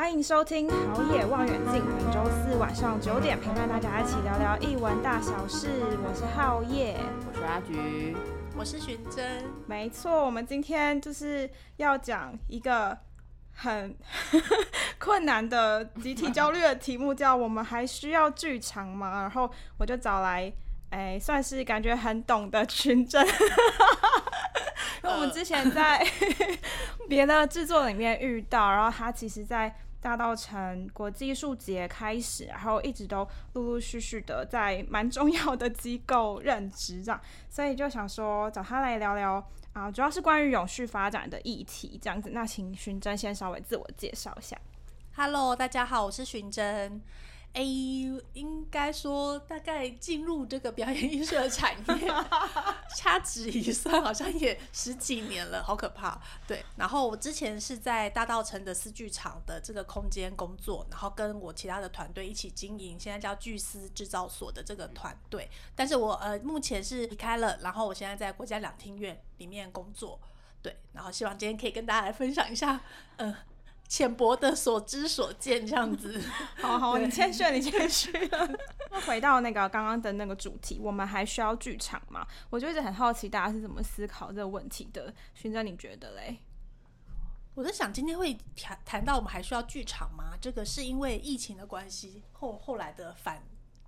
歡迎收聽好野望遠鏡，每週四晚上九點陪伴大家一起聊聊藝文大小事。我是好野，我是阿橘，我是珣甄。沒錯，我們今天就是要講一個很 困難的集體焦慮的題目，叫“我們還需要劇場嗎？” 然後我就找來，哎，算是感覺很懂的珣甄，因為我們之前在別的製作裡面遇到，然後他其實在。大稻埕國際藝術節開始，然後一直都陸陸續續的在蠻重要的機構任職，這樣，所以就想說找他來聊聊啊、呃，主要是關於永續發展的議題這樣子。那請珣甄先稍微自我介紹一下。Hello，大家好，我是珣甄。哎、欸，應該說大概進入這個表演藝術的產業，掐 指一算好像也十幾年了，好可怕。對，然後我之前是在大稻埕的思劇場的這個空間工作，然後跟我其他的團隊一起經營，現在叫聚思製造所的這個團隊。但是我呃目前是離開了，然後我現在在國家兩廳院裡面工作。對，然後希望今天可以跟大家來分享一下，嗯、呃。淺薄的所知所見這樣子， 好好， 對 你謙虛了，你謙虛了。 回到那個剛剛的那個主題，我們還需要劇場嗎？我就一直很好奇，大家是怎麼思考這個問題的？珣甄，你覺得嘞？我在想，今天會談談到我們還需要劇場嗎？這個是因為疫情的關係，後後來的反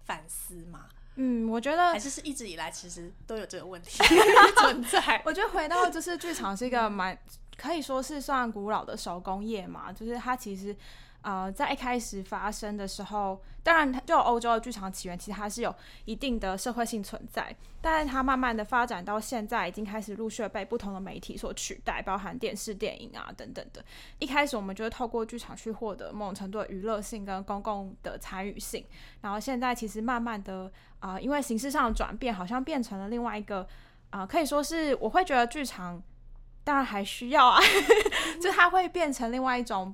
反思嗎？嗯，我覺得還是是一直以來其實都有這個問題 存在。我覺得回到就是劇場是一個蠻、 嗯。可以說是算古老的手工業嘛，就是它其實，呃，在一開始發生的時候，當然它就歐洲的劇場起源，其實它是有一定的社會性存在，但是它慢慢的發展到現在，已經開始陸續被不同的媒體所取代，包含電視、電影啊等等的。一開始我們就是透過劇場去獲得某種程度的娛樂性跟公共的參與性，然後現在其實慢慢的，啊、呃，因為形式上的轉變，好像變成了另外一個，啊、呃，可以說是我會覺得劇場。當然還需要啊， 就它會變成另外一種，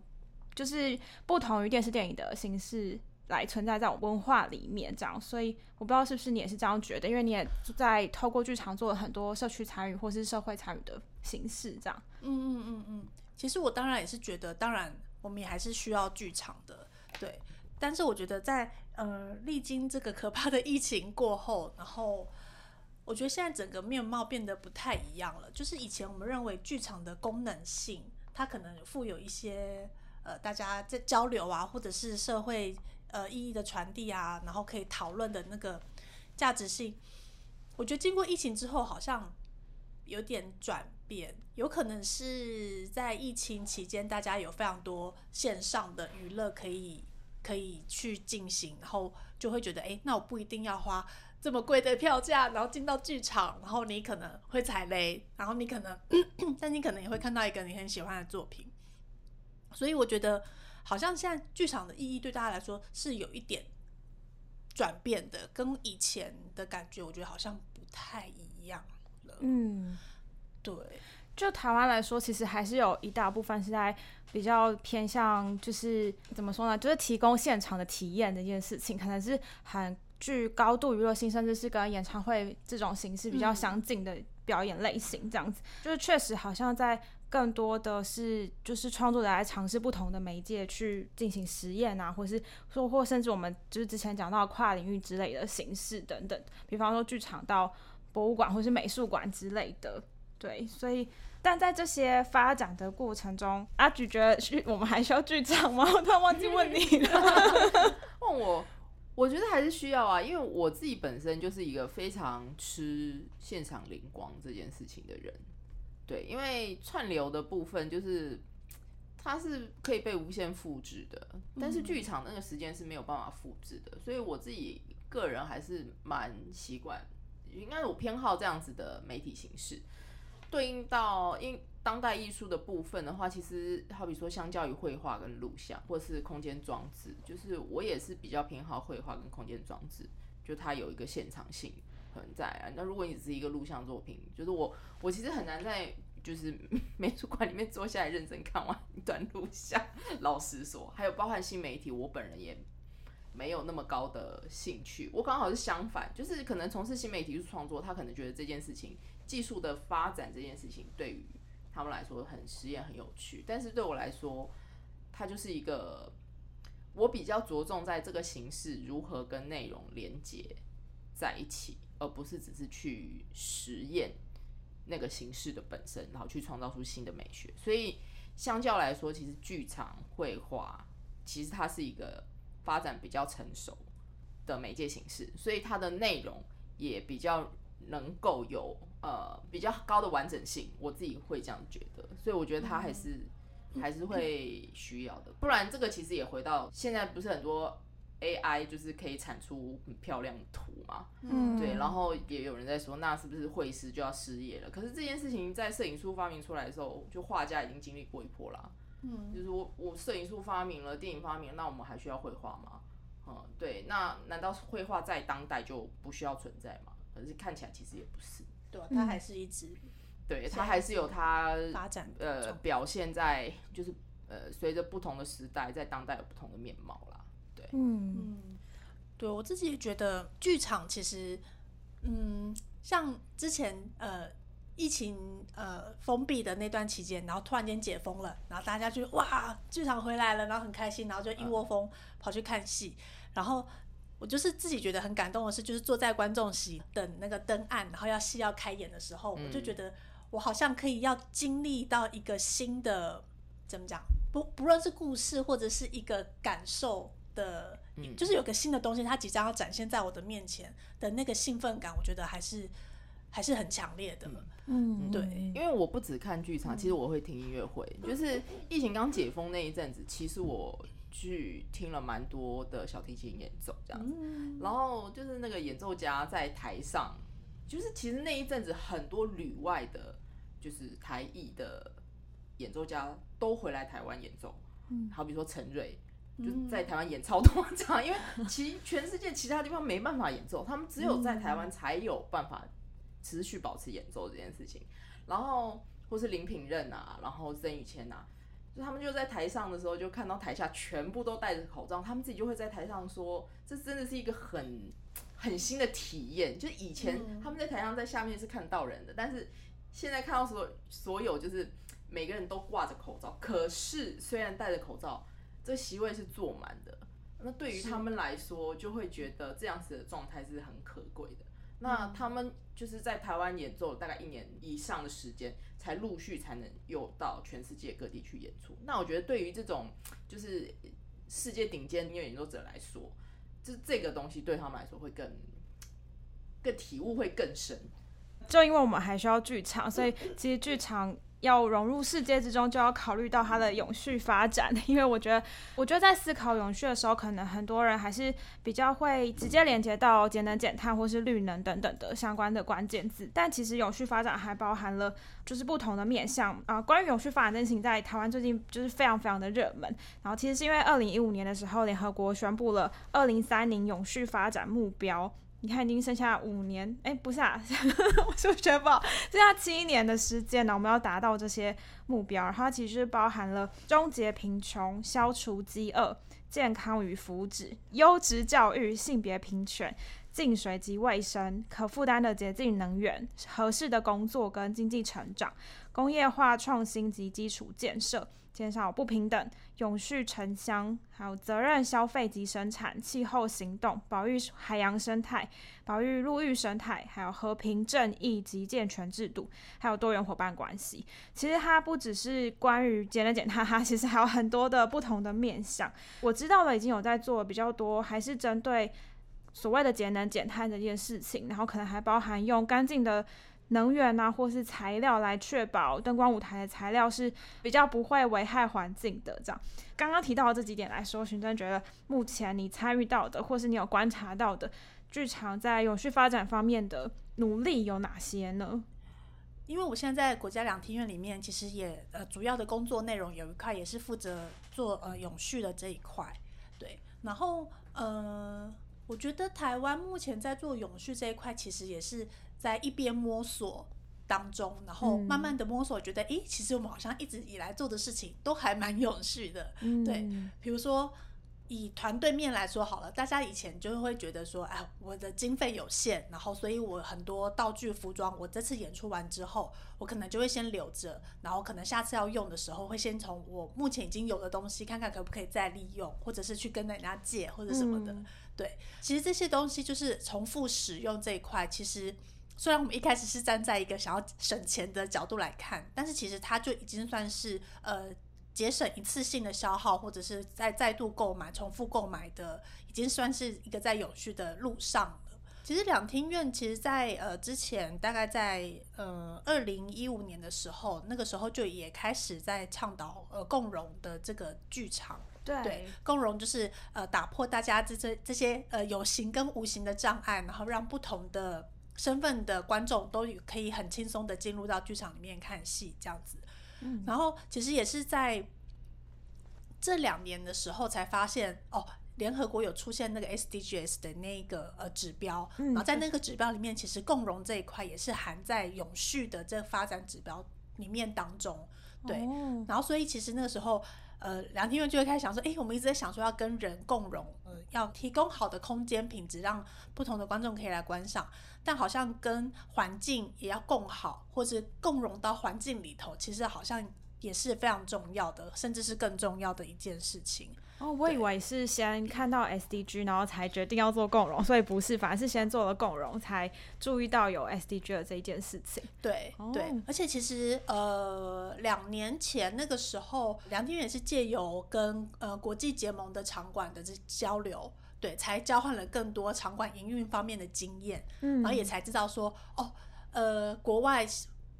就是不同於電視電影的形式來存在在文化裡面這樣。所以我不知道是不是你也是這樣覺得，因為你也在透過劇場做了很多社區參與或是社會參與的形式這樣嗯。嗯嗯嗯嗯，其實我當然也是覺得，當然我們也還是需要劇場的，對。但是我覺得在呃歷經這個可怕的疫情過後，然後。我覺得現在整個面貌變得不太一樣了。就是以前我們認為劇場的功能性，它可能富有一些呃，大家在交流啊，或者是社會呃意義的傳遞啊，然後可以討論的那個價值性。我覺得經過疫情之後，好像有點轉變，有可能是在疫情期間大家有非常多線上的娛樂可以可以去進行，然後就會覺得，哎，那我不一定要花。這麼貴的票價，然後進到劇場，然後你可能會踩雷，然後你可能， 但你可能也會看到一個你很喜歡的作品。所以我覺得，好像現在劇場的意義對大家來說是有一點轉變的，跟以前的感覺，我覺得好像不太一樣了。嗯，對。就台灣來說，其實還是有一大部分是在比較偏向，就是怎麼說呢，就是提供現場的體驗這件事情，可能是很，具高度娛樂性，甚至是跟演唱會這種形式比較相近的表演類型，嗯、這樣子就是確實好像在更多的是就是創作者來嘗試不同的媒介去進行實驗啊，或是說或甚至我們就是之前講到跨領域之類的形式等等，比方說劇場到博物館或是美術館之類的，對，所以但在這些發展的過程中，阿橘覺得我們還需要劇場嗎？我突然忘記問你了，問 我。我覺得還是需要啊，因為我自己本身就是一個非常吃現場靈光這件事情的人，對，因為串流的部分就是它是可以被無限複製的，但是劇場那個時間是沒有辦法複製的，嗯，所以我自己個人還是蠻習慣，應該是我偏好這樣子的媒體形式，對應到因。當代藝術的部分的話，其實好比說，相較於繪畫跟錄像，或是空間裝置，就是我也是比較偏好繪畫跟空間裝置，就它有一個現場性存在啊。那如果你只是一個錄像作品，就是我我其實很難在就是美術館裡面坐下來認真看完一段錄像。老實說，還有包含新媒體，我本人也沒有那麼高的興趣。我剛好是相反，就是可能從事新媒體去創作，他可能覺得這件事情技術的發展這件事情對於。他們來說很實驗很有趣，但是對我來說，它就是一個我比較着重在這個形式如何跟內容連接在一起，而不是只是去實驗那個形式的本身，然後去創造出新的美學。所以相較來說，其實劇場繪畫其實它是一個發展比較成熟的媒介形式，所以它的內容也比較能夠有。呃，比較高的完整性，我自己會這樣覺得，所以我覺得他還是、嗯、還是會需要的。不然這個其實也回到現在，不是很多 AI 就是可以產出很漂亮的圖嘛？嗯，對。然後也有人在說，那是不是繪師就要失業了？可是這件事情在攝影術發明出來的時候，就畫家已經經歷過一波啦。嗯，就是我我攝影術發明了，電影發明了，那我們還需要繪畫嗎？嗯，對。那難道繪畫在當代就不需要存在嗎？可是看起來其實也不是。對、啊，他還是一直，嗯、對他還是有他發展的，呃，表現在就是，呃，隨着不同的時代，在當代有不同的面貌啦。對，嗯嗯，對我自己也覺得，劇場其實，嗯，像之前，呃，疫情，呃，封閉的那段期間，然後突然間解封了，然後大家就哇，劇場回來了，然後很開心，然後就一窩蜂跑去看戲，嗯、然後。我就是自己覺得很感動的是，就是坐在觀眾席等那個燈暗，然後要戲要開演的時候，嗯、我就覺得我好像可以要經歷到一個新的，怎麼講？不不論是故事或者是一個感受的，嗯、就是有個新的東西，它即將要展現在我的面前的那個興奮感，我覺得還是還是很強烈的。嗯，對，因為我不只看劇場，其實我會聽音樂會。嗯、就是疫情剛解封那一陣子，其實我。去聽了蠻多的小提琴演奏，這樣子，嗯、然後就是那個演奏家在台上，就是其實那一陣子很多旅外的，就是台裔的演奏家都回來台灣演奏，嗯、好比說陳銳就在台灣演超多場，嗯、因為其全世界其他地方沒辦法演奏，他們只有在台灣才有辦法持續保持演奏這件事情，然後或是林品任啊，然後曾宇謙啊。他們就在台上的時候，就看到台下全部都戴着口罩，他們自己就會在台上說：“這真的是一個很很新的體驗。”就以前他們在台上在下面是看到人的，但是現在看到所所有就是每個人都掛着口罩，可是雖然戴着口罩，這席位是坐滿的，那對於他們來說就會覺得這樣子的狀態是很可貴的。那他們。就是在台灣演奏大概一年以上的時間，才陸續才能有到全世界各地去演出。那我覺得對於這種就是世界頂尖音樂演奏者來說，這這個東西對他們來說會更更體悟會更深。就因為我們還需要劇場，所以其實劇場。 要融入世界之中，就要考慮到它的永續發展。因為我覺得，我覺得在思考永續的時候，可能很多人還是比較會直接連接到節能減碳或是綠能等等的相關的關鍵字。但其實永續發展還包含了就是不同的面向啊、呃，關於永續發展的事情在台灣最近就是非常非常的熱門。然後其實是因為二零一五年的時候，聯合國宣布了二零三零永續發展目標。你看，已經剩下五年，哎，不是啊，我數學不好。剩下七年的時間呢，我們要達到這些目標。它其實包含了終結貧窮、消除飢餓、健康與福祉、優質教育、性別平權、淨水及衛生、可負擔的潔淨能源、合適的工作跟經濟成長、工業化、創新及基礎建設、減少不平等、永續城鄉，還有責任消費及生產、氣候行動、保育海洋生態、保育陸域生態，還有和平、正義及健全制度，還有多元夥伴關係。其實它不只是關於節能減碳，它其實還有很多的不同的面向。我知道的已經有在做比較多，還是針對所謂的節能減碳這件事情，然後可能還包含用乾淨的。能源啊，或是材料來確保燈光舞台的材料是比較不會危害環境的。這樣，剛剛提到這幾點來說，珣甄覺得目前你參與到的，或是你有觀察到的劇場在永續發展方面的努力有哪些呢？因為我現在在國家兩廳院裡面，其實也呃主要的工作內容有一塊也是負責做呃永續的這一塊。對，然後呃，我覺得臺灣目前在做永續這一塊，其實也是。在一邊摸索當中，然後慢慢的摸索，覺得誒、嗯欸，其實我們好像一直以來做的事情都還蠻有序的，嗯、對。比如說以團隊面來說好了，大家以前就會覺得說，哎，我的經費有限，然後所以我很多道具、服裝，我這次演出完之後，我可能就會先留着，然後可能下次要用的時候，會先從我目前已經有的東西看看可不可以再利用，或者是去跟人家借或者什麼的。嗯、對，其實這些東西就是重複使用這一塊，其實。雖然我們一開始是站在一個想要省錢的角度來看，但是其實它就已經算是呃節省一次性的消耗，或者是再再度購買、重複購買的，已經算是一個在永續的路上了。其實兩廳院其實在，在呃之前大概在呃二零一五年的時候，那個時候就也開始在倡導呃共融的這個劇場。對，對，共融就是呃打破大家這這這些呃有形跟無形的障礙，然後讓不同的身份的觀眾都可以很輕鬆的進入到劇場裡面看戲這樣子，嗯、然後其實也是在這兩年的時候才發現哦，聯合國有出現那個 SDGs 的那個呃指標，嗯、然後在那個指標裡面，其實共融這一塊也是含在永續的這發展指標裡面當中，對，嗯、然後所以其實那個時候。呃，梁天佑就會開始想說，哎，我們一直在想說要跟人共融，呃，要提供好的空間品質，讓不同的觀眾可以來觀賞。但好像跟環境也要共好，或是共融到環境裡頭，其實好像也是非常重要的，甚至是更重要的一件事情。哦，我以為是先看到 SDG，對然後才決定要做共融，所以不是，反而是先做了共融，才注意到有 SDG 的這一件事情。對對，對哦、而且其實呃，兩年前那個時候，梁天也是借由跟呃國際結盟的場館的這交流，對，才交換了更多場館營運方面的經驗，嗯、然後也才知道說，哦，呃，國外。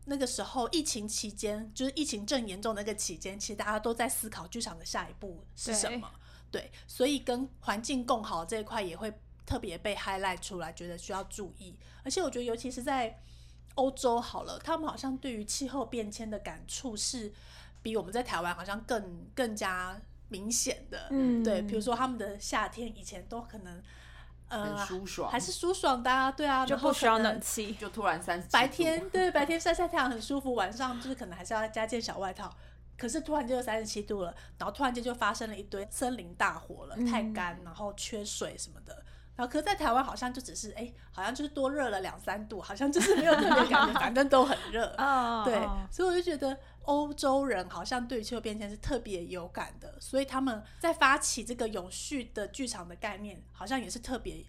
那個時候，疫情期間，就是疫情正嚴重的那個期間，其實大家都在思考劇場的下一步是什麼。對，對，所以跟環境共好的這一塊也會特別被 highlight 出來，覺得需要注意。而且我覺得，尤其是在歐洲好了，他們好像對於氣候變遷的感觸是比我們在台灣好像更更加明顯的。嗯，對，比如說他們的夏天以前都可能。嗯，呃、很舒爽，還是舒爽的。啊，對啊，就不需要冷氣，就突然三十七度。白天對，白天曬曬太陽很舒服，晚上就是可能還是要加件小外套。可是突然就三十七度了，然後突然間就發生了一堆森林大火了，太乾，然後缺水什麼的。嗯、然後，可是在台灣好像就只是哎、欸，好像就是多熱了兩三度，好像就是沒有特別感覺，反正 都很熱啊。對，所以我就覺得。歐洲人好像對氣候變遷是特別有感的，所以他們在發起這個永續的劇場的概念，好像也是特別，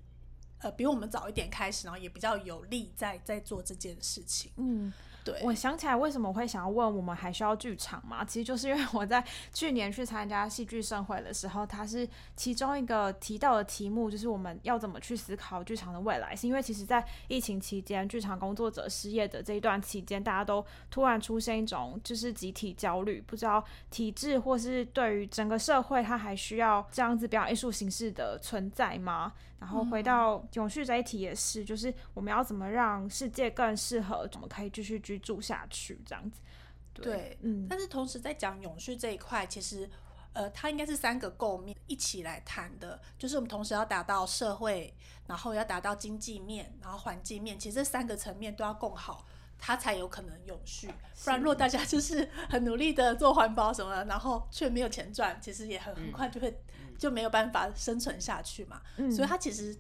呃，比我們早一點開始，然後也比較有力在，在在做這件事情。嗯。對我想起來，為什麼會想要問我們還需要劇場嗎？其實就是因為我在去年去參加戲劇盛會的時候，它是其中一個提到的題目，就是我們要怎麼去思考劇場的未來。是因為其實在疫情期間，劇場工作者失業的這一段期間，大家都突然出現一種就是集體焦慮，不知道體制或是對於整個社會，它還需要這樣子表演藝術形式的存在嗎？然後回到永續這一題也是，嗯、就是我們要怎麼讓世界更適合、怎麼可以繼續居住下去這樣子。對，對嗯。但是同時在講永續這一塊，其實，呃，它應該是三個構面一起來談的，就是我們同時要達到社會，然後要達到經濟面，然後環境面，其實這三個層面都要共好，它才有可能永續。不然，若大家就是很努力的做環保什麼的，然後卻沒有錢賺，其實也很很快就會。嗯就沒有辦法生存下去嘛，嗯、所以他其實，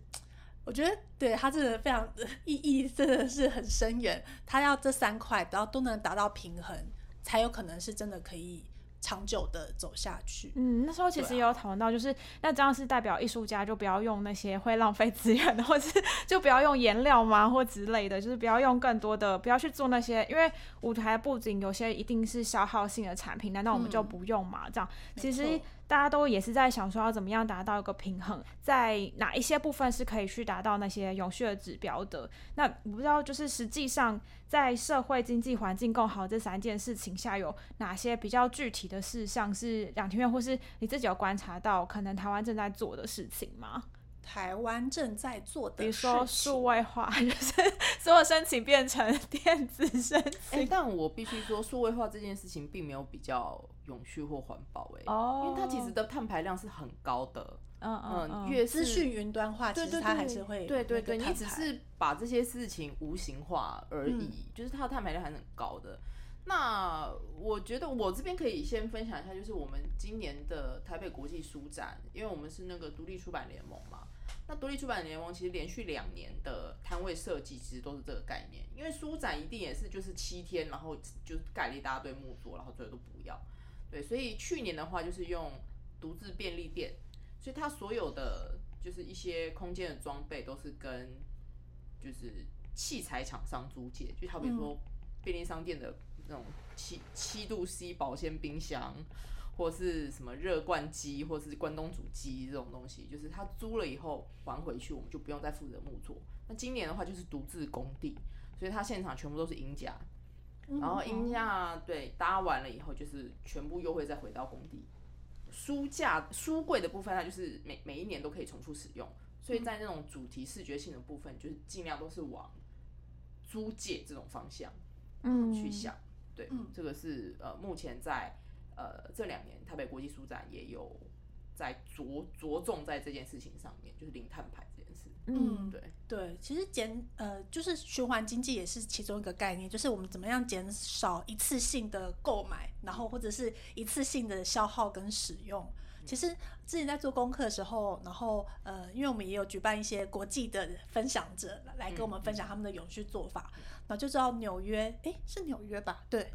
我覺得對他這個非常的意義真的是很深遠。他要這三塊，都要都能達到平衡，才有可能是真的可以長久的走下去。嗯，那時候其實也有討論到，就是、啊、那這樣是代表藝術家就不要用那些會浪費資源的，或是就不要用顏料嗎，或之類的，就是不要用更多的，不要去做那些，因為舞台布景有些一定是消耗性的產品，難道我們就不用嘛？嗯、這樣其實。大家都也是在想說要怎麼樣達到一個平衡，在哪一些部分是可以去達到那些永續的指標的？那我不知道，就是實際上在社會經濟環境更好這三件事情下，有哪些比較具體的事項是兩廳院或是你自己有觀察到可能台灣正在做的事情嗎？台灣正在做的事情，比如說數位化，就是所有申請變成電子申請。欸，但我必須說，數位化這件事情並沒有比較。永續或環保哎、欸，oh. 因為它其實的碳排量是很高的，嗯、oh. oh. 嗯，越是資訊雲端化，其實它還是會對對對，對對對，你只是把這些事情無形化而已，嗯、就是它的碳排量還是很高的。那我覺得我這邊可以先分享一下，就是我們今年的台北國際書展，因為我們是那個獨立出版聯盟嘛，那獨立出版聯盟其實連續兩年的攤位設計其實都是這個概念，因為書展一定也是就是七天，然後就是蓋了一大堆木作，然後最後都不要。對，所以去年的話就是用獨自便利店，所以他所有的就是一些空間的裝備都是跟就是器材廠商租借，就好比如說便利商店的那種七七度 C 保鮮冰箱，或是什麼熱罐機，或是關東煮機這種東西，就是他租了以後還回去，我們就不用再負責木作。那今年的話就是獨自工地，所以他現場全部都是鷹架。然後音啊，對，搭完了以後，就是全部又會再回到工地。書架、書櫃的部分，它就是每每一年都可以重複使用，所以在那種主題視覺性的部分，就是盡量都是往租借這種方向嗯去想。嗯、對，這個是呃，目前在呃這兩年台北國際書展也有在着着重在這件事情上面，就是零碳排。嗯，對對，其實減呃就是循環經濟也是其中一個概念，就是我們怎麼樣減少一次性的購買，然後或者是一次性的消耗跟使用。其實之前在做功課的時候，然後呃，因為我們也有舉辦一些國際的分享者來跟我們分享他們的永續做法，嗯嗯嗯、然後就知道紐約，哎，是紐約吧？對，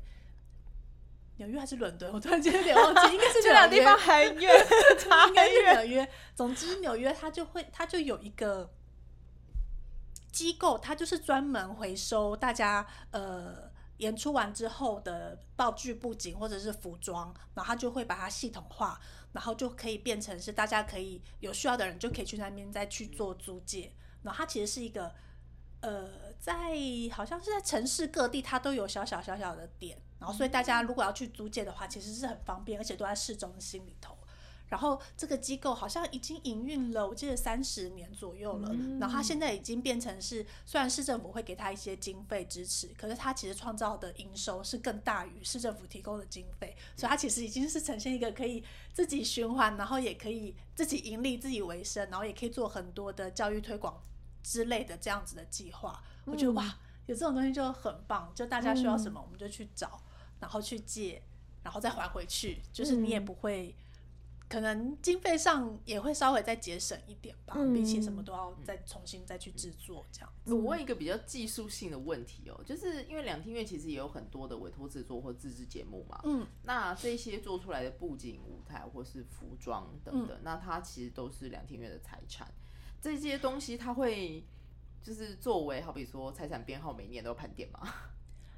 紐約還是倫敦？我突然間 有點忘記，應該是這兩 地方很遠、 嗯，應該是紐約。哪 總之，紐約它就會它就有一個。機構它就是專門回收大家呃演出完之後的道具布景，或者是服裝，然後它就會把它系統化，然後就可以變成是大家可以，有需要的人就可以去那邊再去做租借。然後它其實是一個呃在好像是在城市各地它都有小小小小的點，然後所以大家如果要去租借的話，其實是很方便，而且都在市中心裡頭。然後這個機構好像已經營運了，我記得三十年左右了。嗯、然後它現在已經變成是，雖然市政府會給他一些經費支持，可是它其實創造的營收是更大於市政府提供的經費，所以它其實已經是呈現一個可以自己循環，然後也可以自己盈利、自己為生，然後也可以做很多的教育推廣之類的這樣子的計劃。嗯、我覺得哇，有這種東西就很棒，就大家需要什麼我們就去找，然後去借，然後再還回去，就是你也不會。可能經費上也會稍微再節省一點吧，嗯、比起什麼都要再重新再去製作這樣子。子我問一個比較技術性的問題哦，就是因為兩廳院其實也有很多的委託製作或自製節目嘛，嗯，那這些做出來的布景、舞台或是服裝等等，嗯、那它其實都是兩廳院的財產，這些東西它會就是作為好比說財產編號，每年都要盤點嗎？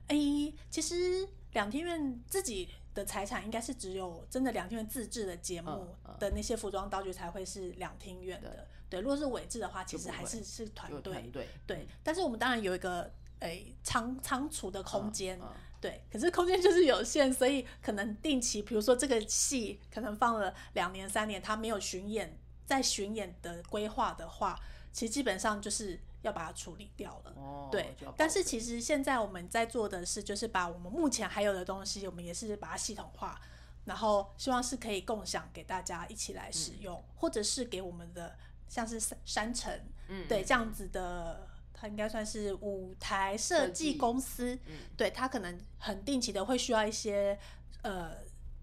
哎、欸，其實兩廳院自己。的財產應該是只有真的兩廳院自製的節目的那些服裝道具才會是兩廳院的。嗯嗯、對，如果是委製的話，其實還是是團隊。對，嗯、但是我們當然有一個誒倉倉儲的空間，嗯嗯、對。可是空間就是有限，所以可能定期，比如說這個戲可能放了兩年三年，他沒有巡演，在巡演的規劃的話，其實基本上就是。要把它處理掉了，哦、對。但是其實現在我們在做的是，就是把我們目前還有的東西，我們也是把它系統化，然後希望是可以共享給大家一起來使用，嗯、或者是給我們的像是山城，嗯，對，這樣子的，它、嗯嗯、應該算是舞台設計公司，嗯、對，它可能很定期的會需要一些呃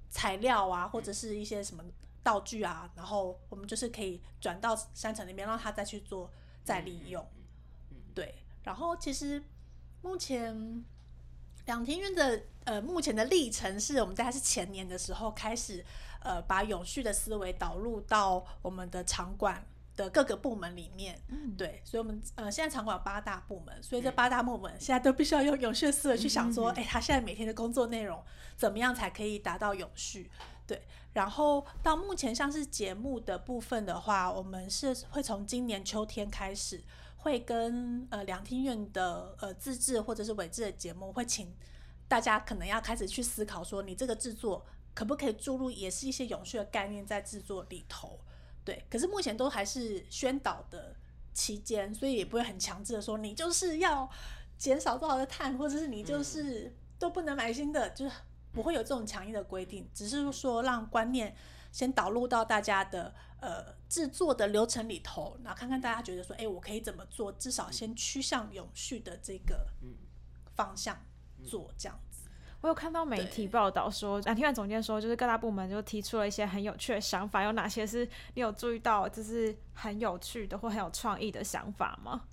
材料啊，或者是一些什麼道具啊，嗯、然後我們就是可以轉到山城那邊，讓他再去做再利用。嗯嗯對，然後其實目前兩廳院的呃，目前的歷程是，我們大概是前年的時候開始，呃，把永續的思維導入到我們的場館的各個部門裡面。嗯，對，所以我們呃現在場館有八大部門，所以這八大部門我們現在都必須要用永續的思維去想說，哎、嗯嗯嗯欸，他現在每天的工作內容怎麼樣才可以達到永續？對，然後到目前像是節目的部分的話，我們是會從今年秋天開始。會跟呃，兩廳院的呃自製或者是委製的節目，會請大家可能要開始去思考說，你這個製作可不可以注入也是一些永續的概念在製作裡頭。對，可是目前都還是宣導的期間，所以也不會很強制的說，你就是要減少多少的碳，或者是你就是都不能買新的，就是不會有這種強硬的規定，只是說讓觀念先導入到大家的。呃，制作的流程裡頭，然後看看大家覺得說，哎、欸，我可以怎麼做？至少先趨向永續的這個方向做這樣子。我有看到媒體報道說，啊對，聽完總監說，就是各大部門就提出了一些很有趣的想法。有哪些是你有注意到，就是很有趣的或很有創意的想法嗎？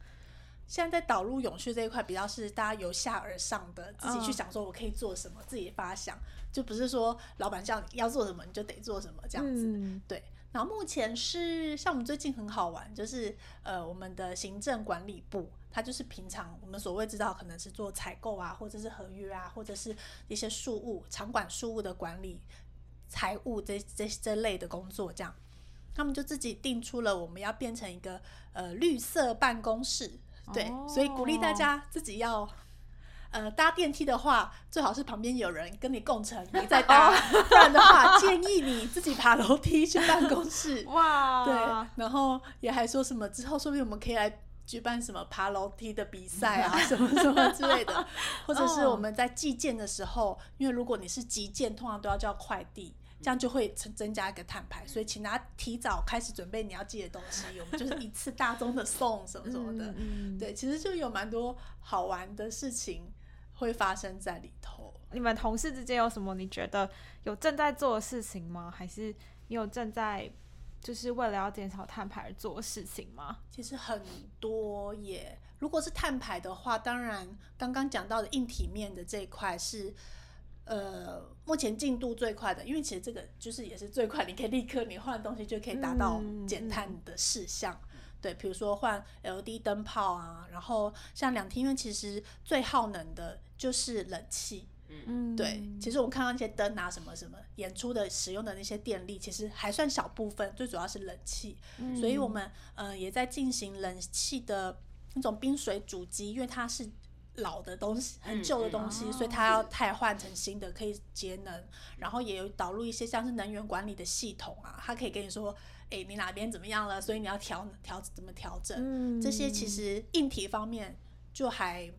現在在導入永續這一塊，比較是大家由下而上的，自己去想，說我可以做什麼，自己發想，哦、就不是說老板叫你要做什麼你就得做什麼這樣子。嗯、對。然後目前是像我們最近很好玩，就是呃我們的行政管理部，他就是平常我們所謂知道可能是做採購啊，或者是合約啊，或者是一些庶務、場館庶務的管理、財務這這這，這類的工作這樣，他們就自己定出了我們要變成一個呃綠色辦公室，對，所以鼓勵大家自己要。呃，搭電梯的話，最好是旁邊有人跟你共乘你再搭，oh. 不然的話，建議你自己爬樓梯去辦公室。哇！Wow. 對，然後也還說什麼之後，說不定我們可以來舉辦什麼爬樓梯的比賽啊， 什麼什麼之類的，或者是我們在寄件的時候，oh. 因為如果你是急件，通常都要叫快遞，這樣就會增增加一個碳排，所以請大家提早開始準備你要寄的東西。 我們就是一次大宗的送什麼什麼的， 嗯嗯、對，其實就有蠻多好玩的事情。會發生在裡頭。你們同事之間有什麼？你覺得有正在做的事情嗎？還是你有正在，就是為了要減少碳排而做的事情嗎？其實很多耶，如果是碳排的話，當然剛剛講到的硬體面的這一塊是，呃，目前進度最快的，因為其實這個就是也是最快，你可以立刻你換東西就可以達到減碳的事項。嗯對，比如說換 LED 燈泡啊，然後像兩廳，因為其實最耗能的就是冷氣。嗯，對，其實我們看到一些燈啊，什麼什麼演出的使用的那些電力，其實還算小部分，最主要是冷氣。嗯、所以我們嗯、呃、也在進行冷氣的那種冰水主機，因為它是老的東西，很舊的東西，嗯嗯、所以它要汰是換成新的可以節能，然後也有導入一些像是能源管理的系統啊，它可以跟你說。哎、欸，你哪邊怎麼樣了？所以你要調調怎麼調整？嗯，這些其實硬體方面就還。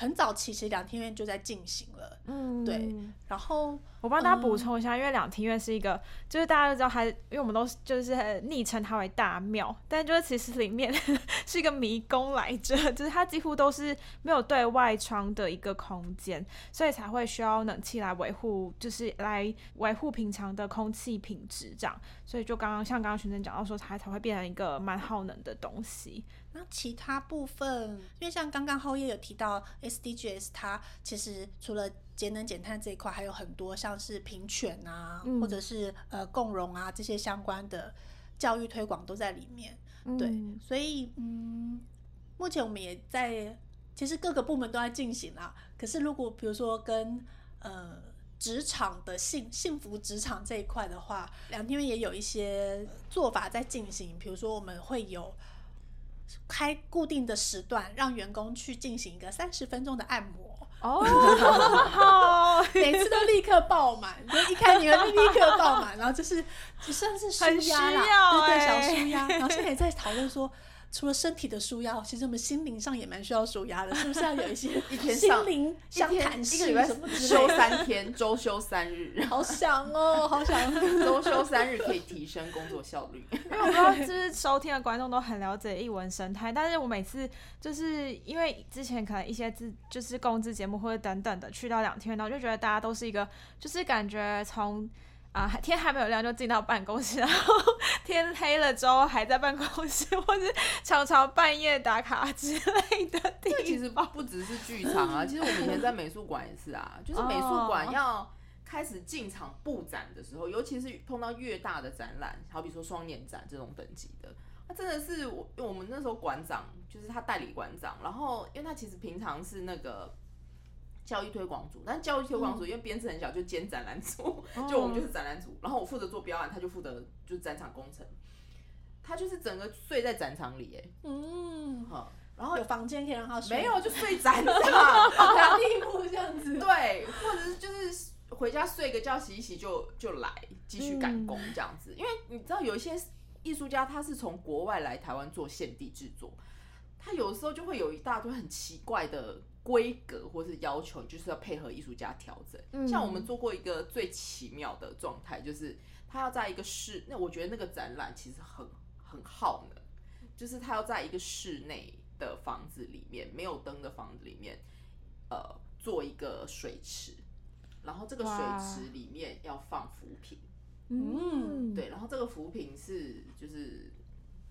很早其實兩廳院就在進行了，嗯，對。然後我幫大家補充一下，嗯、因為兩廳院是一個，就是大家都知道它，它因為我們都就是昵稱它為大廟，但就是其實裡面是一個迷宮來着，就是它幾乎都是沒有對外窗的一個空間，所以才會需要冷氣來維護，就是來維護平常的空氣品質這樣。所以就剛剛像剛剛珣甄講到說，它才會變成一個蠻耗能的東西。那其他部分，因為像剛剛顥燁有提到 SDGs，它其實除了節能減碳這一塊，還有很多像是平權啊，嗯、或者是呃共融啊這些相關的教育推廣都在裡面。對，嗯、所以嗯，目前我們也在，其實各個部門都在進行啦，可是如果比如說跟呃職場的幸幸福職場這一塊的話，兩廳院也有一些做法在進行，比如說我們會有。開固定的時段，讓員工去進行一個三十分鐘的按摩。哦，好，每次都立刻爆滿，就一看你們立刻爆滿， 然後就是，剩是舒壓了、欸。對小舒壓， 然後現在也在討論說。除了身體的舒壓，其實我們心靈上也蠻需要舒壓的，是不是要有一些心靈一天相談室？一個禮拜休三天，週休三日， 好想哦，好想週休三日可以提升工作效率。 因為我知道就是收聽的觀眾都很了解藝文生態，但是我每次就是因為之前可能一些自就是公資節目或者等等的去到兩天，然後就覺得大家都是一個就是感覺從。啊，天還沒有亮就進到辦公室，然後天黑了之後還在辦公室，或是常常半夜打卡之類的地。這其實不只是劇場啊， 其實我以前在美術館也是啊，就是美術館要開始進場布展的時候，Oh. 尤其是碰到越大的展覽，好比說雙年展這種等級的，那真的是我，因為我們那時候館長就是他代理館長，然後因為他其實平常是那個。教育推廣組，但教育推廣組因為編制很小，就兼展覽組，就我們就是展覽組。嗯、然後我負責做標案，他就負責就是展場工程。他就是整個睡在展場裡，哎，嗯，好、嗯，然後有房間可以讓他沒有就睡展場，鋪 地鋪這樣子。 對，或者是就是回家睡個覺，洗一洗就就來繼續趕工這樣子。嗯、因為你知道有一些藝術家他是從國外來台灣做現地制作，他有時候就會有一大堆很奇怪的。規格或是要求，就是要配合藝術家調整。嗯、像我們做過一個最奇妙的狀態，就是他要在一個室，那我覺得那個展覽其實很很耗能，就是他要在一個室內的房子裡面，沒有燈的房子裡面，呃，做一個水池，然後這個水池裡面要放浮萍，哇嗯，對，然後這個浮萍是就是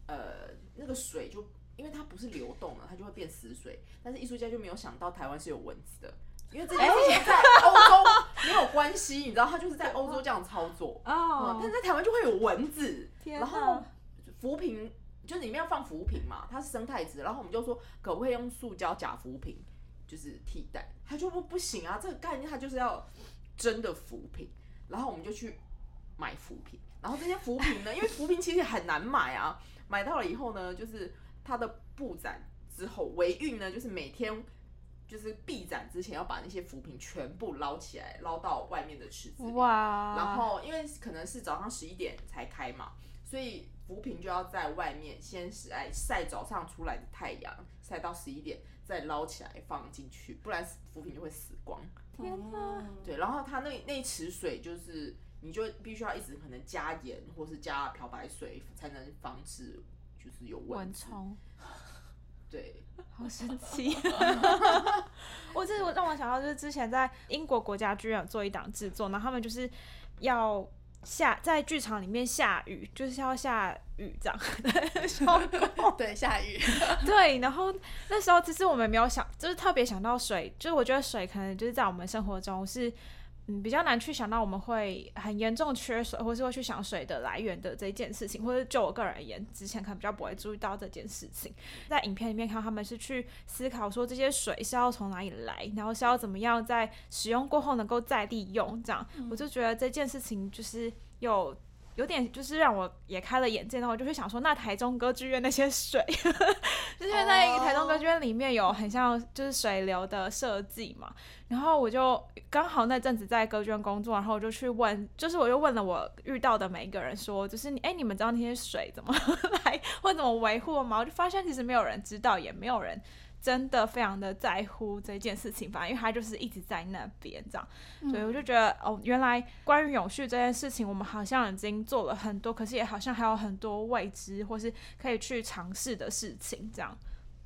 呃，那個水就。因為它不是流動的，它就會變死水。但是藝術家就沒有想到台灣是有蚊子的，因為這些東西在歐洲沒有關係， 你知道，它就是在歐洲這樣操作啊。Oh. Oh. 嗯、但是在台灣就會有蚊子，天哪。然後浮萍，就是裡面要放浮萍嘛，它是生態值。然後我們就說可不可以用塑膠假浮萍，就是替代？它就不不行啊，這個概念它就是要真的浮萍，然後我們就去買浮萍，然後這些浮萍呢， 因為浮萍其實很難買啊，買到了以後呢，就是。它的布展之後，維運呢，就是每天就是閉展之前要把那些浮萍全部撈起來，撈到外面的池子裡。哇！然後因為可能是早上十一點才開嘛，所以浮萍就要在外面先曬曬早上出來的太陽，曬到十一點再撈起來放進去，不然浮萍就會死光。天哪！對，然後它那那池水就是你就必須要一直可能加鹽或是加漂白水才能防止。是有蚊蟲對，好神奇！ 我這我讓我想到，就是之前在英國國家劇院做一檔制作，然後他們就是要下在劇場裡面下雨，就是要下雨這樣， う 對下雨，對。然後那時候其實我們沒有想，就是特別想到水，就是我覺得水可能就是在我們生活中是。嗯，比較難去想到我們會很嚴重缺水，或是會去想水的來源的這一件事情，或者就我個人而言，之前可能比較不會注意到這件事情。在影片裡面看到他們是去思考說，這些水是要從哪裡來，然後是要怎麼樣在使用過後能夠再利用，這樣、嗯、我就覺得這件事情就是有。有點就是讓我也開了眼界，然後我就會想說，那台中歌劇院那些水， 就是那台中歌劇院裡面有很像就是水流的設計嘛，然後我就剛好那陣子在歌劇院工作，然後我就去問，就是我又問了我遇到的每一個人說，說就是你哎、欸，你們知道那些水怎麼來，或怎麼維護嗎？我就發現其實沒有人知道，也沒有人。真的非常的在乎這件事情，反正因為他就是一直在那邊這樣，嗯、所以我就覺得哦，原來關於永續這件事情，我們好像已經做了很多，可是也好像還有很多未知或是可以去嘗試的事情這樣。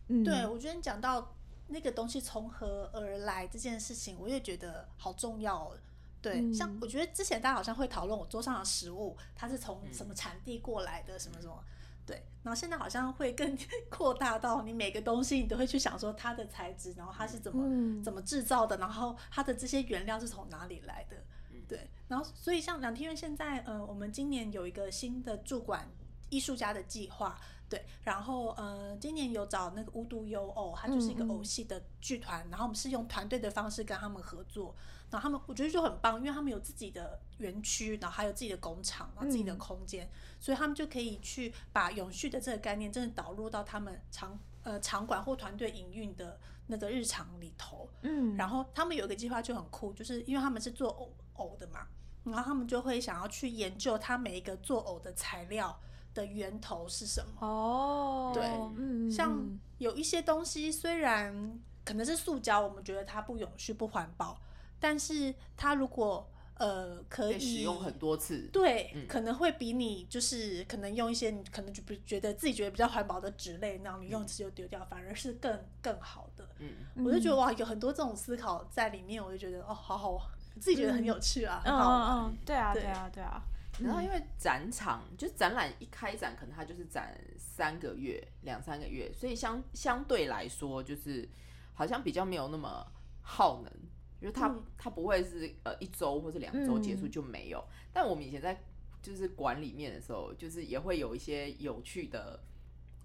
嗯，對我覺得你講到那個東西從何而來這件事情，我也覺得好重要、哦。對，嗯、像我覺得之前大家好像會討論我桌上的食物，它是從什麼產地過來的，什麼什麼。對，然後現在好像會更擴大到你每個東西，你都會去想說它的材質，然後它是怎麼、嗯、怎麼製造的，然後它的這些原料是從哪裡來的。嗯、對，然後所以像兩廳院現在，呃，我們今年有一個新的駐館藝術家的計劃，對，然後嗯、呃，今年有找那個無獨有偶，它就是一個偶戲的劇團，嗯、然後我們是用團隊的方式跟他們合作。那他們，我覺得就很棒，因為他們有自己的園區，然後還有自己的工廠，然後自己的空間，嗯，所以他們就可以去把永續的這個概念真的導入到他們場呃場館或團隊營運的那個日常裡頭。嗯，然後他們有一個計劃就很酷，就是因為他們是做偶偶的嘛，然後他們就會想要去研究它每一個做偶的材料的源頭是什麼？哦，對，嗯嗯，像有一些東西雖然可能是塑膠，我們覺得它不永續、不環保。但是它如果呃可以使用很多次，對，嗯、可能會比你就是可能用一些你可能就不覺得自己覺得比較環保的紙類那樣，然後你用一次就丟掉，反而是更更好的。嗯，我就覺得哇，有很多這種思考在裡面，我就覺得哦，好好，自己覺得很有趣啊，嗯嗯嗯，嗯，對啊對啊對啊。對啊嗯、然後因為展場就是展覽一開展，可能它就是展三個月兩三個月，所以相相對來說就是好像比較沒有那麼耗能。就它，嗯、它不會是呃一周或者兩週結束就沒有。嗯、但我們以前在就是館裡面的時候，就是也會有一些有趣的，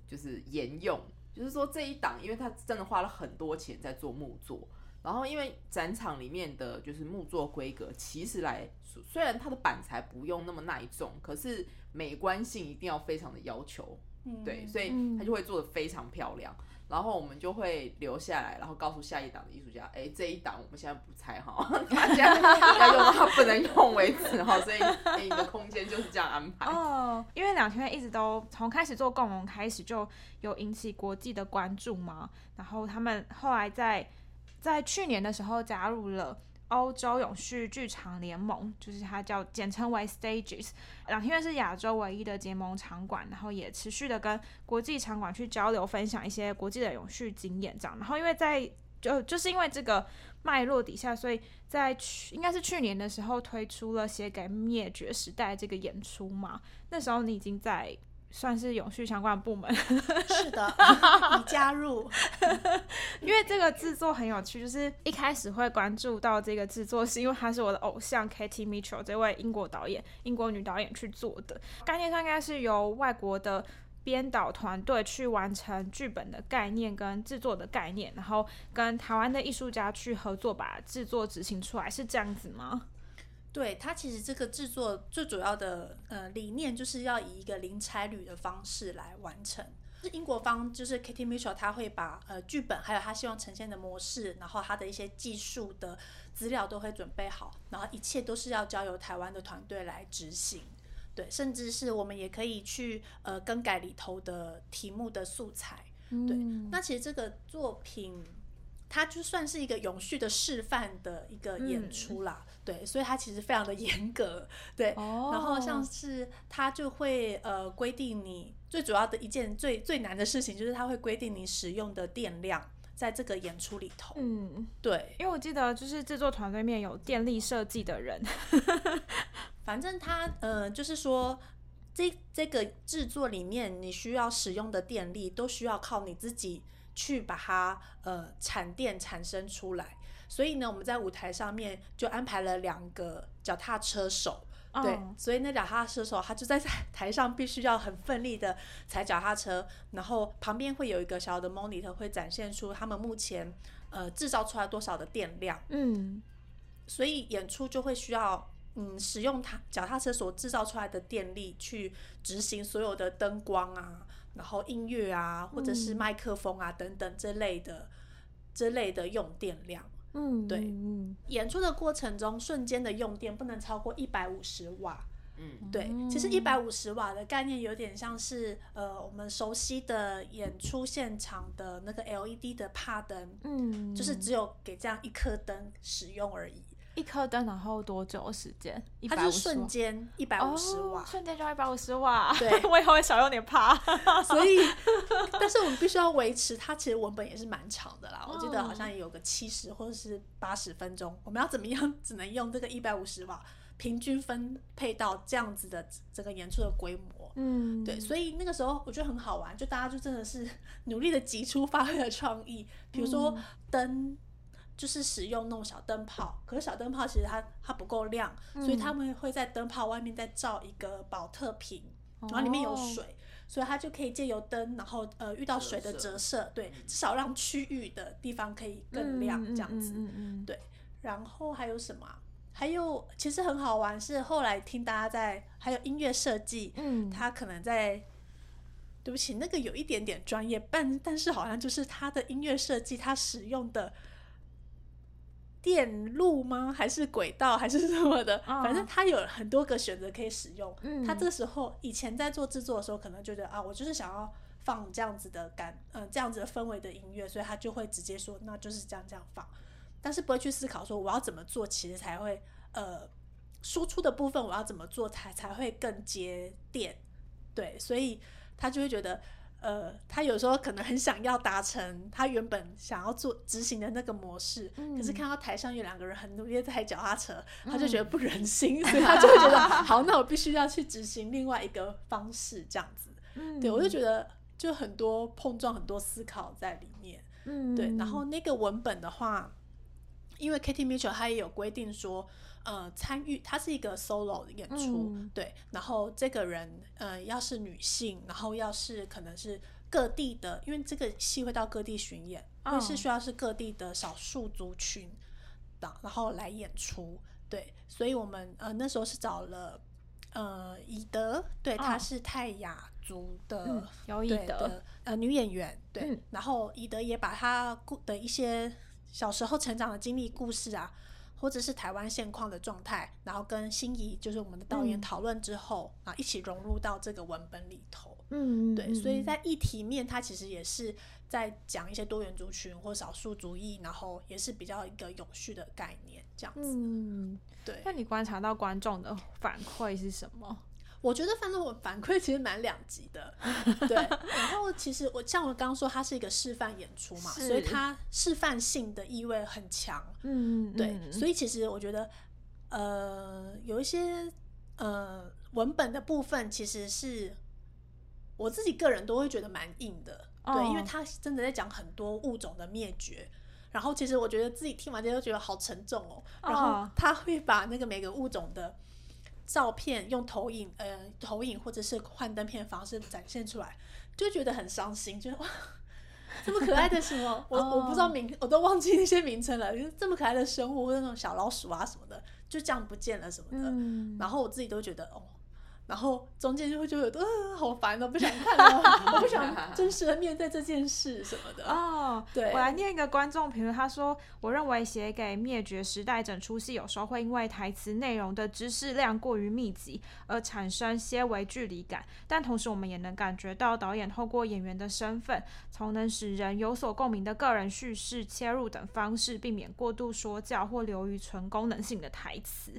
就是沿用，就是說這一檔，因為它真的花了很多錢在做木作，然後因為展場裡面的就是木作規格，其實來說雖然它的板材不用那麼耐重，可是美觀性一定要非常的要求，嗯、對，所以它就會做得非常漂亮。然後我們就會留下來，然後告訴下一檔的藝術家，哎，這一檔我們現在不拆哈，大家要用到他不能用為止哈，所以你的空間就是這樣安排。哦，oh, 因為兩廳院一直都從開始做共融開始就有引起國際的關注嘛，然後他們後來在在去年的時候加入了。歐洲永續劇場聯盟，就是它叫簡稱為 Stages，然後因為是亞洲唯一的結盟場館，然後也持續的跟國際場館去交流、分享一些國際的永續經驗這樣。然後因為在就就是因為這個脈絡底下，所以在去應該是去年的時候推出了《寫給滅絕時代》這個演出嘛，那時候你已經在。算是永續相關部門，是的， 你加入， 因為這個制作很有趣，就是一開始會關注到這個制作，是因為他是我的偶像 Katie Mitchell，這位英國導演、英國女導演去做的。概念上應該是由外國的編導團隊去完成劇本的概念跟制作的概念，然後跟台灣的藝術家去合作，把制作執行出來，是這樣子嗎？對，它其實這個制作最主要的呃理念，就是要以一個零差旅的方式來完成。英國方就是 Katie Mitchell 他會把呃劇本，還有他希望呈現的模式，然後他的一些技術的資料都會準備好，然後一切都是要交由台灣的團隊來執行。對，甚至是我們也可以去呃更改裡頭的題目的素材。對，嗯、那其實這個作品它就算是一個永續的示範的一個演出啦。嗯對，所以它其實非常的嚴格，對。哦、然後像是它就會呃規定你最主要的一件最最難的事情，就是它會規定你使用的電量在這個演出裡頭。嗯，對，因為我記得就是制作團隊面有電力設計的人，嗯、 反正他呃就是說這這個制作裡面你需要使用的電力都需要靠你自己去把它呃產電產生出來。所以呢，我們在舞台上面就安排了兩個腳踏車手，哦、對，所以那腳踏車手他就在台上，必須要很奮力的踩腳踏車，然後旁邊會有一個小小的 monitor 會展現出他們目前呃製造出來多少的電量，嗯，所以演出就會需要嗯使用他腳踏車所製造出來的電力去執行所有的燈光啊，然後音樂啊，或者是麥克風啊等等這類的、嗯、這類的用電量。嗯，對，演出的過程中瞬間的用電不能超過一百五十瓦。嗯，對，其實一百五十瓦的概念有點像是呃我們熟悉的演出現場的那個 LED 的帕燈，嗯，就是只有給這樣一顆燈使用而已。一顆燈，然後多久時間？它就瞬間，一百五十瓦，哦、瞬間就一百五十瓦。對，我以後會少用點趴。所以， 但是我們必須要維持它。其實文本也是蠻長的啦，我記得好像也有個七十或者是八十分鐘。嗯、我們要怎麼樣？只能用這個一百五十瓦，平均分配到這樣子的整個演出的規模。嗯，對。所以那個時候我覺得很好玩，就大家就真的是努力的擠出，發揮的創意。比如說燈。嗯就是使用那種小燈泡，可是小燈泡其實它它不夠亮，嗯、所以他們會在燈泡外面再罩一個保特瓶，然後裡面有水，哦、所以它就可以借由燈，然後呃遇到水的折射，折射對，至少讓區域的地方可以更亮這樣子。嗯嗯嗯嗯、對。然後還有什麼？還有其實很好玩是後來聽大家在還有音樂設計，嗯，他可能在，對不起，那個有一點點專業，但但是好像就是他的音樂設計，他使用的。電路嗎？還是軌道？還是什麼的？反正他有很多個選擇可以使用。Oh. 他這個時候以前在做製作的時候，可能覺得啊，我就是想要放這樣子的感，嗯、呃，這樣子的氛圍的音樂，所以他就會直接說，那就是這樣這樣放。但是不會去思考說，我要怎麼做，其實才會呃，輸出的部分我要怎麼做才才會更節電。對，所以他就會覺得。呃，他有時候可能很想要達成他原本想要做執行的那個模式，嗯、可是，看到台上有兩個人很努力在踩腳踏車，他就覺得不忍心，嗯、所以他就會覺得 好，那我必須要去執行另外一個方式這樣子。嗯、對，我就覺得就很多碰撞，很多思考在裡面。嗯，對。然後那個文本的話，因為 Katie Mitchell 他也有規定說。呃，參與它，是一個 solo 演出，嗯、對。然後這個人，呃，要是女性，然後要是可能是各地的，因為這個戲會到各地巡演，但、嗯、是需要是各地的少數族群的、啊，然後來演出，對。所以我們呃那時候是找了呃以德，對，她、嗯、是泰雅族的，嗯、以德對的，呃女演員，對。嗯、然後以德也把她故的一些小時候成長的經歷故事啊。或者是台灣現況的狀態，然後跟心儀就是我們的導演討論之後，啊、嗯，一起融入到這個文本裡頭。嗯，對，所以在議題面，它其實也是在講一些多元族群或少數族裔，然後也是比較一個永續的概念這樣子。嗯，對。那你觀察到觀眾的反饋是什麼？我覺得反正我反饋其實蠻兩極的， 對。然後其實我像我剛剛說，它是一個示範演出嘛，是所以它示範性的意味很強，嗯，對。嗯、所以其實我覺得，呃，有一些呃文本的部分，其實是我自己個人都會覺得蠻硬的，哦、對，因為他真的在講很多物種的滅絕，然後其實我覺得自己聽完之後覺得好沉重哦，然後他會把那個每個物種的。照片用投影，呃，投影或者是幻燈片方式展現出來，就覺得很傷心，就哇，這麼可愛的什麼， 我我不知道名， 我都忘記那些名稱了，就是、這麼可愛的生物，或者那種小老鼠啊什麼的，就這樣不見了什麼的，嗯、然後我自己都覺得哦。然後中間就會覺得，呃、好煩哦，不想看了、哦， 我不想真實的面對這件事什麼的啊。 oh, 對，我來念一個觀眾評論，他說：“我認為寫給滅絕時代整出戲，有時候會因為台詞內容的知識量過於密集而產生些微距離感，但同時我們也能感覺到導演透過演員的身份，從能使人有所共鳴的個人敘事切入等方式，避免過度說教或流於純功能性的台詞。”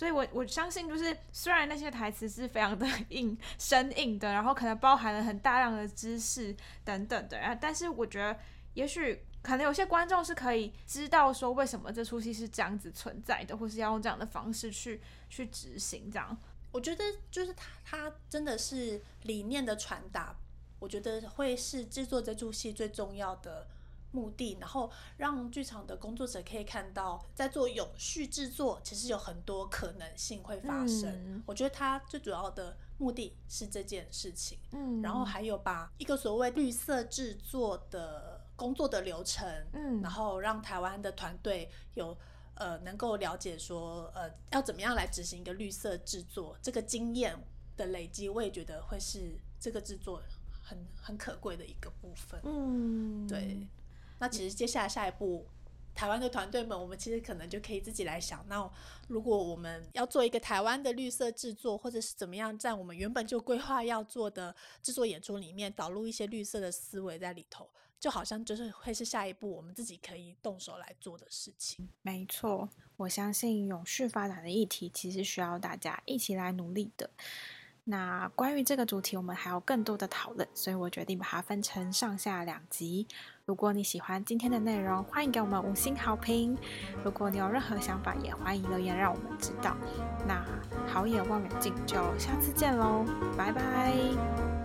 所以我，我我相信，就是雖然那些台詞是非常的硬、生硬的，然後可能包含了很大量的知識等等的，但是我覺得，也許可能有些觀眾是可以知道說，為什麼這出戲是這樣子存在的，或是要用這樣的方式去去執行。這樣，我覺得就是它它真的是理念的傳達，我覺得會是制作這出戲最重要的。目的，然後讓劇場的工作者可以看到，在做永續製作，其實有很多可能性會發生。嗯，我覺得它最主要的目的是這件事情。嗯，然後還有把一個所謂綠色製作的工作的流程，嗯，然後讓台灣的團隊有呃能夠了解說呃要怎麼樣來執行一個綠色製作，這個經驗的累積，我也覺得會是這個製作很很可貴的一個部分。嗯，對。那其實，接下來下一步，台灣的團隊們，我們其實可能就可以自己來想。那如果我們要做一個台灣的綠色製作，或者是怎麼樣，在我們原本就規劃要做的製作演出裡面，導入一些綠色的思維在裡頭，就好像就是會是下一步我們自己可以動手來做的事情。沒錯，我相信永續發展的議題其實需要大家一起來努力的。那關於這個主題，我們還有更多的討論，所以我決定把它分成上下兩集。如果你喜歡今天的內容，歡迎給我們五星好評。如果你有任何想法，也歡迎留言讓我們知道。那好野望遠鏡，就下次見嘍，拜拜。